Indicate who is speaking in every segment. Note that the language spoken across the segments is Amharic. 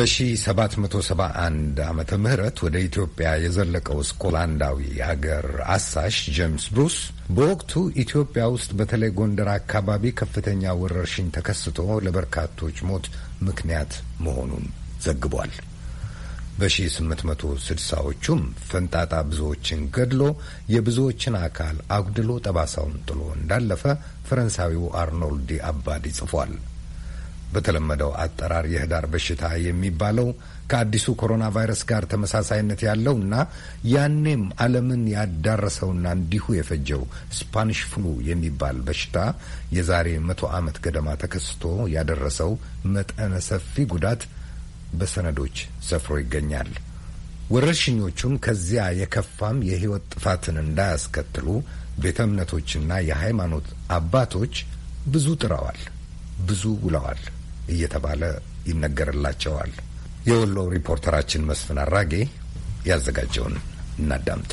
Speaker 1: በ1771 ዓመተ ምህረት ወደ ኢትዮጵያ የዘለቀው ስኮላንዳዊ ሀገር አሳሽ ጄምስ ብሩስ በወቅቱ ኢትዮጵያ ውስጥ በተለይ ጎንደር አካባቢ ከፍተኛ ወረርሽኝ ተከስቶ ለበርካቶች ሞት ምክንያት መሆኑን ዘግቧል። በ1860ዎቹም ፈንጣጣ ብዙዎችን ገድሎ የብዙዎችን አካል አጉድሎ ጠባሳውን ጥሎ እንዳለፈ ፈረንሳዊው አርኖልድ አባዲ ጽፏል። በተለመደው አጠራር የህዳር በሽታ የሚባለው ከአዲሱ ኮሮና ቫይረስ ጋር ተመሳሳይነት ያለውና ያኔም ዓለምን ያዳረሰውና እንዲሁ የፈጀው ስፓኒሽ ፍሉ የሚባል በሽታ የዛሬ መቶ ዓመት ገደማ ተከስቶ ያደረሰው መጠነ ሰፊ ጉዳት በሰነዶች ሰፍሮ ይገኛል። ወረርሽኞቹም ከዚያ የከፋም የህይወት ጥፋትን እንዳያስከትሉ ቤተ እምነቶችና የሃይማኖት አባቶች ብዙ ጥረዋል፣ ብዙ ውለዋል። እየተባለ ይነገርላቸዋል። የወሎ ሪፖርተራችን መስፍን አራጌ ያዘጋጀውን እናዳምጥ።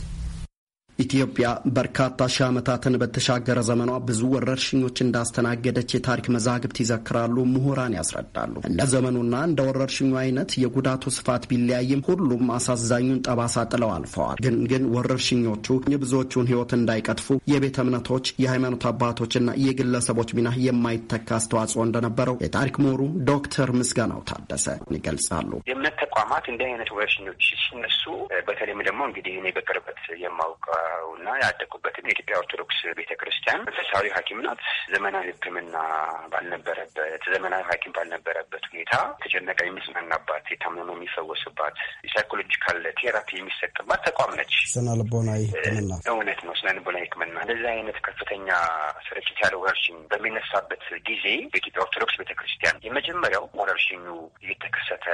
Speaker 2: ኢትዮጵያ በርካታ ሺህ ዓመታትን በተሻገረ ዘመኗ ብዙ ወረርሽኞች እንዳስተናገደች የታሪክ መዛግብት ይዘክራሉ፣ ምሁራን ያስረዳሉ። እንደ ዘመኑና እንደ ወረርሽኙ አይነት የጉዳቱ ስፋት ቢለያይም ሁሉም አሳዛኙን ጠባሳ ጥለው አልፈዋል። ግን ግን ወረርሽኞቹ የብዙዎቹን ሕይወት እንዳይቀጥፉ የቤተ እምነቶች፣ የሃይማኖት አባቶችና የግለሰቦች ሚና የማይተካ አስተዋጽኦ እንደነበረው የታሪክ ምሁሩ ዶክተር ምስጋናው ታደሰ ይገልጻሉ።
Speaker 3: የእምነት ተቋማት እንዲህ አይነት ወረርሽኞች ሲነሱ በተለይም ደግሞ እንግዲህ እኔ በቅርበት የማውቀ እና ያደጉበትም የኢትዮጵያ ኦርቶዶክስ ቤተ ክርስቲያን መንፈሳዊ ሐኪም ናት። ዘመናዊ ሕክምና ባልነበረበት ዘመናዊ ሐኪም ባልነበረበት ሁኔታ የተጨነቀ የሚጽናናባት፣ የታመመ የሚፈወስባት፣ የሳይኮሎጂካል ቴራፒ የሚሰጥባት ተቋም ነች።
Speaker 2: ስነልቦናዊ ሕክምና እውነት ነው። ስነልቦናዊ ሕክምና እንደዚህ አይነት ከፍተኛ ስርጭት
Speaker 3: ያለው ወረርሽኝ በሚነሳበት ጊዜ በኢትዮጵያ ኦርቶዶክስ ቤተ ክርስቲያን የመጀመሪያው ወረርሽኙ እየተከሰተ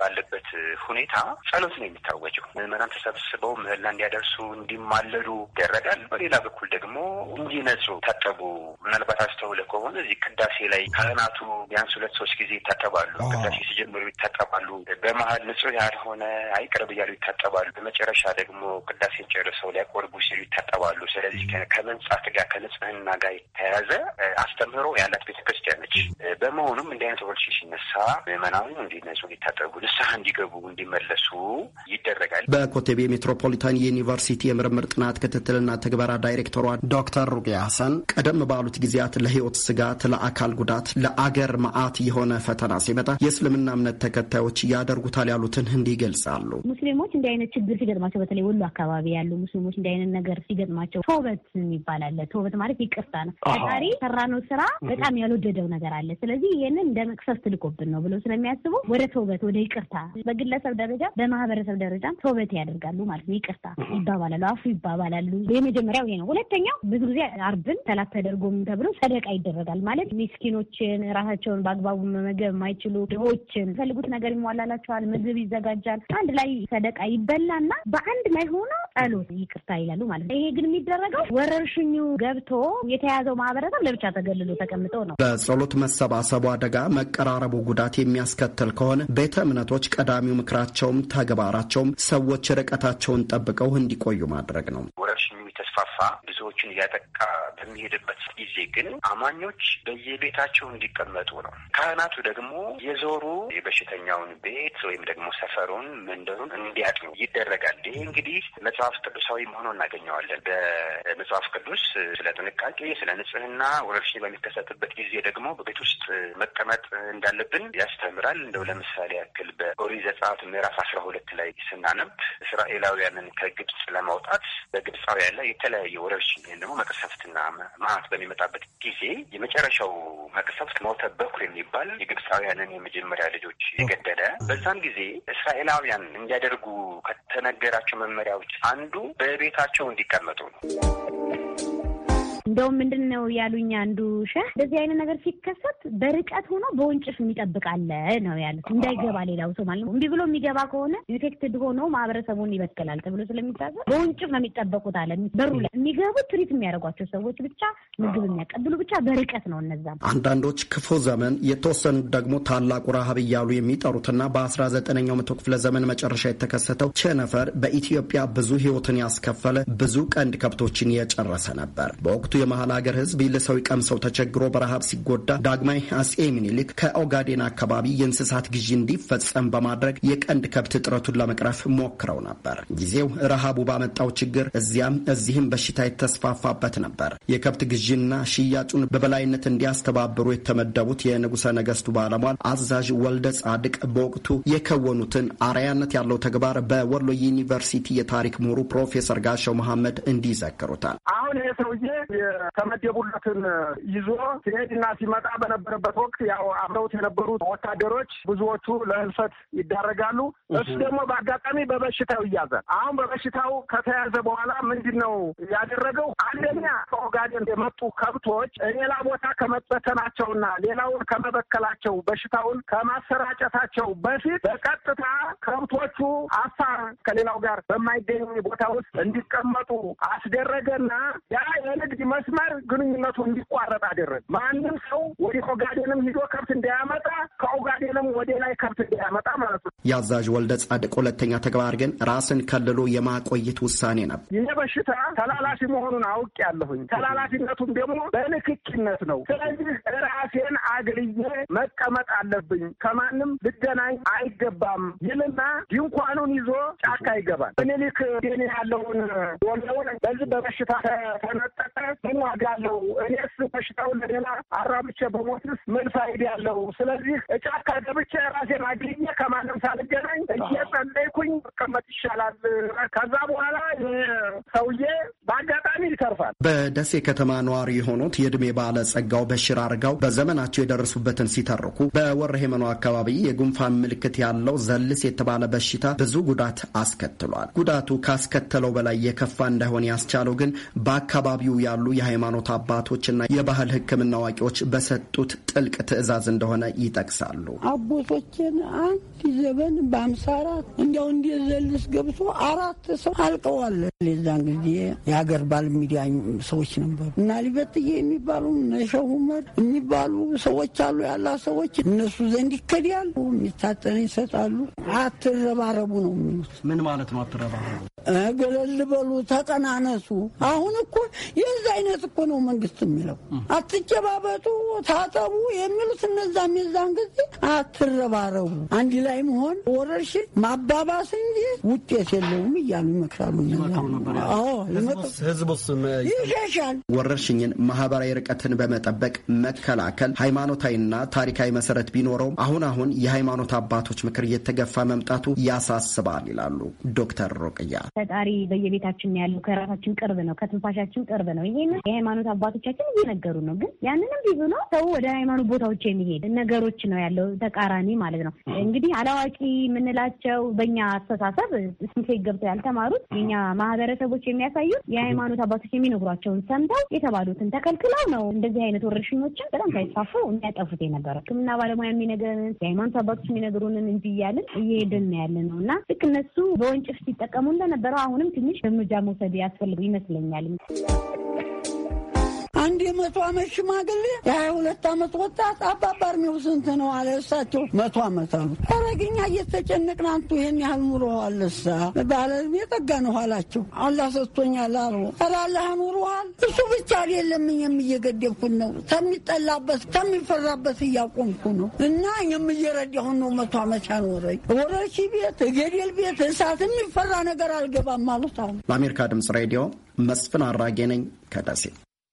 Speaker 3: ባለበት ሁኔታ ጸሎት ነው የሚታወጀው። ምዕመናን ተሰብስበው ምህላ እንዲያደርሱ እንዲማለ እንዲረዱ ይደረጋል። በሌላ በኩል ደግሞ እንዲነጹ ታጠቡ። ምናልባት አስተውለ ከሆነ እዚህ ቅዳሴ ላይ ካህናቱ ቢያንስ ሁለት ሶስት ጊዜ ይታጠባሉ። ቅዳሴ ሲጀምሩ ይታጠባሉ። በመሀል ንጹህ ያልሆነ አይቅርብ እያሉ ይታጠባሉ። በመጨረሻ ደግሞ ቅዳሴን ጨርሰው ሊያቆርቡ ሲሉ ይታጠባሉ። ስለዚህ ከመንጻት ጋር ከንጽህና ጋር የተያያዘ አስተምህሮ ያላት ቤተክርስቲያን ነች። በመሆኑም እንዲህ አይነት ወርሽ ሲነሳ ምዕመናኑ እንዲነጹ፣ እንዲታጠቡ፣ ንስሐ እንዲገቡ፣ እንዲመለሱ ይደረጋል።
Speaker 2: በኮተቤ ሜትሮፖሊታን ዩኒቨርሲቲ የምርምር ጥናት የጥናት ክትትልና ትግበራ ዳይሬክተሯ ዶክተር ሩቅያ ሀሰን ቀደም ባሉት ጊዜያት ለህይወት ስጋት፣ ለአካል ጉዳት፣ ለአገር መዓት የሆነ ፈተና ሲመጣ የእስልምና እምነት ተከታዮች ያደርጉታል ያሉትን እንዲህ ይገልጻሉ።
Speaker 4: ሙስሊሞች እንዲህ አይነት ችግር ሲገጥማቸው በተለይ ወሎ አካባቢ ያሉ ሙስሊሞች እንዲህ አይነት ነገር ሲገጥማቸው ተውበት የሚባል አለ። ማለት ይቅርታ ነው። ፈጣሪ ሰራነው ስራ በጣም ያልወደደው ነገር አለ። ስለዚህ ይህንን እንደ መቅሰፍት ልኮብን ነው ብሎ ስለሚያስቡ ወደ ቶበት ወደ ይቅርታ በግለሰብ ደረጃ በማህበረሰብ ደረጃም ቶበት ያደርጋሉ ማለት ነው። ይቅርታ ይባባላሉ፣ አፉ ይባባል ይባባላሉ። የመጀመሪያው ይሄ ነው። ሁለተኛው ብዙ ጊዜ አርብን ሰላት ተደርጎም ተብሎ ሰደቃ ይደረጋል። ማለት ሚስኪኖችን፣ ራሳቸውን በአግባቡ መመገብ የማይችሉ ድሆችን ፈልጉት ነገር ይሟላላቸዋል፣ ምግብ ይዘጋጃል። አንድ ላይ ሰደቃ ይበላና በአንድ ላይ ሆኖ ጸሎት ይቅርታ ይላሉ ማለት ነው። ይሄ ግን የሚደረገው ወረርሽኙ ገብቶ የተያዘው ማህበረሰብ ለብቻ ተገልሎ ተቀምጦ ነው።
Speaker 2: በጸሎት መሰባሰቡ አደጋ መቀራረቡ ጉዳት የሚያስከትል ከሆነ ቤተ እምነቶች ቀዳሚው ምክራቸውም ተግባራቸውም ሰዎች ርቀታቸውን ጠብቀው እንዲቆዩ ማድረግ ነው።
Speaker 3: ወረርሽኙ የተስፋፋ ብዙዎችን እያጠቃ በሚሄድበት ጊዜ ግን አማኞች በየቤታቸው እንዲቀመጡ ነው። ካህናቱ ደግሞ የዞሩ የበሽተኛውን ቤት ወይም ደግሞ ሰፈሩን፣ መንደሩን እንዲያጥኑ ይደረጋል። ይህ እንግዲህ መጽሐፍ ቅዱሳዊ መሆኑ እናገኘዋለን። በመጽሐፍ ቅዱስ ስለ ጥንቃቄ፣ ስለ ንጽህና፣ ወረርሽኝ በሚከሰትበት ጊዜ ደግሞ በቤት ውስጥ መቀመጥ እንዳለብን ያስተምራል። እንደው ለምሳሌ ያክል በኦሪት ዘጸአት ምዕራፍ አስራ ሁለት ላይ ስናነብ እስራኤላውያንን ከግብጽ ለማውጣት በግብጻውያን ላይ የተለያዩ የወረርሽኝ ወይም ደግሞ መቅሰፍትና መዓት በሚመጣበት ጊዜ የመጨረሻው መቅሰፍት ሞተ በኩር የሚባል የግብፃውያንን የመጀመሪያ ልጆች የገደለ በዛን ጊዜ እስራኤላውያን እንዲያደርጉ ከተነገራቸው መመሪያዎች አንዱ በቤታቸው
Speaker 1: እንዲቀመጡ ነው።
Speaker 4: እንደውም ምንድን ነው ያሉኝ አንዱ ሸህ እንደዚህ አይነት ነገር ሲከሰት በርቀት ሆኖ በወንጭፍ የሚጠብቃለ ነው ያሉት። እንዳይገባ ሌላው ሰው ማለት ነው። እምቢ ብሎ የሚገባ ከሆነ ኢንፌክትድ ሆኖ ማህበረሰቡን ይበክላል ተብሎ ስለሚታሰብ በወንጭፍ ነው የሚጠበቁት አለ። በሩ ላይ የሚገቡ ትሪት የሚያደርጓቸው ሰዎች ብቻ፣ ምግብ የሚያቀብሉ ብቻ፣ በርቀት ነው
Speaker 5: እነዛም።
Speaker 2: አንዳንዶች ክፉ ዘመን፣ የተወሰኑት ደግሞ ታላቁ ረሃብ እያሉ የሚጠሩትና በአስራ ዘጠነኛው መቶ ክፍለ ዘመን መጨረሻ የተከሰተው ቸነፈር በኢትዮጵያ ብዙ ህይወትን ያስከፈለ ብዙ ቀንድ ከብቶችን የጨረሰ ነበር በወቅቱ የመሀል ሀገር ህዝብ ልሰው ቀምሰው ተቸግሮ በረሃብ ሲጎዳ ዳግማይ አጼ ምኒልክ ከኦጋዴን አካባቢ የእንስሳት ግዢ እንዲፈጸም በማድረግ የቀንድ ከብት እጥረቱን ለመቅረፍ ሞክረው ነበር። ጊዜው ረሃቡ ባመጣው ችግር እዚያም እዚህም በሽታ የተስፋፋበት ነበር። የከብት ግዢና ሽያጩን በበላይነት እንዲያስተባብሩ የተመደቡት የንጉሠ ነገሥቱ ባለሟል አዛዥ ወልደ ጻድቅ በወቅቱ የከወኑትን አርያነት ያለው ተግባር በወሎ ዩኒቨርሲቲ የታሪክ ምሁሩ ፕሮፌሰር ጋሻው መሐመድ እንዲዘክሩታል።
Speaker 6: አሁን ይሄ ሰውዬ የተመደቡለትን ይዞ ሲሄድና ሲመጣ በነበረበት ወቅት ያው አብረውት የነበሩት ወታደሮች ብዙዎቹ ለህልፈት ይዳረጋሉ። እሱ ደግሞ በአጋጣሚ በበሽታው ይያዛል። አሁን በበሽታው ከተያዘ በኋላ ምንድን ነው ያደረገው? አንደኛ ከኦጋዴን የመጡ ከብቶች ሌላ ቦታ ከመበተናቸውና ሌላውን ከመበከላቸው በሽታውን ከማሰራጨታቸው በፊት በቀጥታ ከብቶቹ አፋር ከሌላው ጋር በማይገኝ ቦታ ውስጥ እንዲቀመጡ አስደረገና ያ የንግድ መስመር ግንኙነቱ እንዲቋረጥ አደረግ። ማንም ሰው ወደ ኦጋዴንም ሂዶ ከብት እንዳያመጣ ከኦጋዴንም ወደ ላይ ከብት እንዳያመጣ ማለት
Speaker 2: ነው። የአዛዥ ወልደ ጻድቅ ሁለተኛ ተግባር ግን ራስን ከልሎ የማቆየት ውሳኔ ነበር።
Speaker 6: ይህ በሽታ ተላላፊ መሆኑን አውቅ ያለሁኝ ተላላፊነቱም ደግሞ በንክኪነት ነው። ስለዚህ ራሴን አግልዬ መቀመጥ አለብኝ። ከማንም ልገናኝ አይገባም ይልና ድንኳኑን ይዞ ጫካ ይገባል። ምኒልክ ያለውን ወለውን በዚህ በበሽታ ተነጠቀ። ምን ዋጋ አለው? እኔስ በሽታውን ለሌላ አራብቼ በሞትስ ምን ፋይዳ አለው? ስለዚህ እጫካ ገብቼ ራሴን አግኝቼ ከማንም ሳልገናኝ እየጸለይኩኝ መቀመጥ ይሻላል። ከዛ በኋላ ሰውዬ በአጋ ይተርፋል።
Speaker 2: በደሴ ከተማ ነዋሪ የሆኑት ባለ ባለጸጋው በሽር አርጋው በዘመናቸው የደረሱበትን ሲተርኩ ሄመኖ አካባቢ የጉንፋን ምልክት ያለው ዘልስ የተባለ በሽታ ብዙ ጉዳት አስከትሏል። ጉዳቱ ካስከተለው በላይ የከፋ እንዳይሆን ያስቻለው ግን በአካባቢው ያሉ የሃይማኖት አባቶችና የባህል ሕክምና አዋቂዎች በሰጡት ጥልቅ ትዕዛዝ እንደሆነ ይጠቅሳሉ።
Speaker 5: አቦቶችን አንድ ዘበን በአምሳ አራት እንዲያው ዘልስ ገብቶ አራት ሰው አልቀዋል። ዛን ጊዜ የሀገር ባል ሚዲያ ሰዎች ነበሩ እና ሊበትዬ የሚባሉ ነሸው የሚባሉ ሰዎች አሉ። ያላ ሰዎች እነሱ ዘንድ ይከዳሉ። የሚታጠነ ይሰጣሉ። አትረባረቡ ነው የሚሉት።
Speaker 2: ምን ማለት ነው አትረባረቡ?
Speaker 5: ገለል በሉ፣ ተቀናነሱ። አሁን እኮ የዚ አይነት እኮ ነው መንግስት የሚለው አትጨባበጡ፣ ታጠቡ የሚሉት እነዛም የዛን ጊዜ አትረባረቡ፣ አንድ ላይ መሆን ወረርሽን ማባባስ እንጂ ውጤት የለውም እያሉ ይመክራሉ።
Speaker 2: ህዝቡስ እሱም ይሻሻል። ወረርሽኝን ማህበራዊ ርቀትን በመጠበቅ መከላከል ሃይማኖታዊና ታሪካዊ መሰረት ቢኖረውም አሁን አሁን የሃይማኖት አባቶች ምክር እየተገፋ መምጣቱ ያሳስባል ይላሉ ዶክተር ሮቅያ።
Speaker 4: ፈጣሪ በየቤታችን ያለው ከራሳችን ቅርብ ነው፣ ከትንፋሻችን ቅርብ ነው። ይሄን የሃይማኖት አባቶቻችን እየነገሩ ነው። ግን ያንንም ቢዙ ነው ሰው ወደ ሃይማኖት ቦታዎች የሚሄድ ነገሮች ነው ያለው ተቃራኒ ማለት ነው። እንግዲህ አላዋቂ የምንላቸው በእኛ አስተሳሰብ ስንሴ ገብተው ያልተማሩት የኛ ማህበረሰቦች የሚያሳዩት የሃይማኖት አባቶች የሚነግሯቸውን ሰምተው የተባሉትን ተከልክለው ነው እንደዚህ አይነት ወረርሽኞችን በጣም ሳይስፋፉ የሚያጠፉት የነበረ። ህክምና ባለሙያ የሚነግረንን የሃይማኖት አባቶች የሚነግሩንን እንጂ እያልን እየሄድን ያለ ነው እና ልክ እነሱ በወንጭፍ ሲጠቀሙ እንደነበረው አሁንም ትንሽ እርምጃ መውሰድ ያስፈልግ ይመስለኛል።
Speaker 5: አንድ የመቶ ዓመት ሽማግሌ የሀያ ሁለት ዓመት ወጣት አባባ እድሜው ስንት ነው አለ። እሳቸው መቶ ዓመት አሉ። ረግኛ እየተጨነቅን አንቱ ይህን ያህል ኑሮ አለሳ ባለ የጠጋ ነው አላቸው። አላ ሰጥቶኛል አሉ። ኧረ ኑሮዋል። እሱ ብቻ አይደለም የምየገደብኩት ነው ከሚጠላበት ከሚፈራበት እያቆምኩ ነው እና የምየረዳሁን ነው መቶ ዓመት ያኖረኝ ወረሺ ቤት ገደል ቤት እሳት የሚፈራ ነገር አልገባም አሉት አሉ።
Speaker 2: ለአሜሪካ ድምጽ ሬዲዮ መስፍን አራጌ ነኝ ከደሴ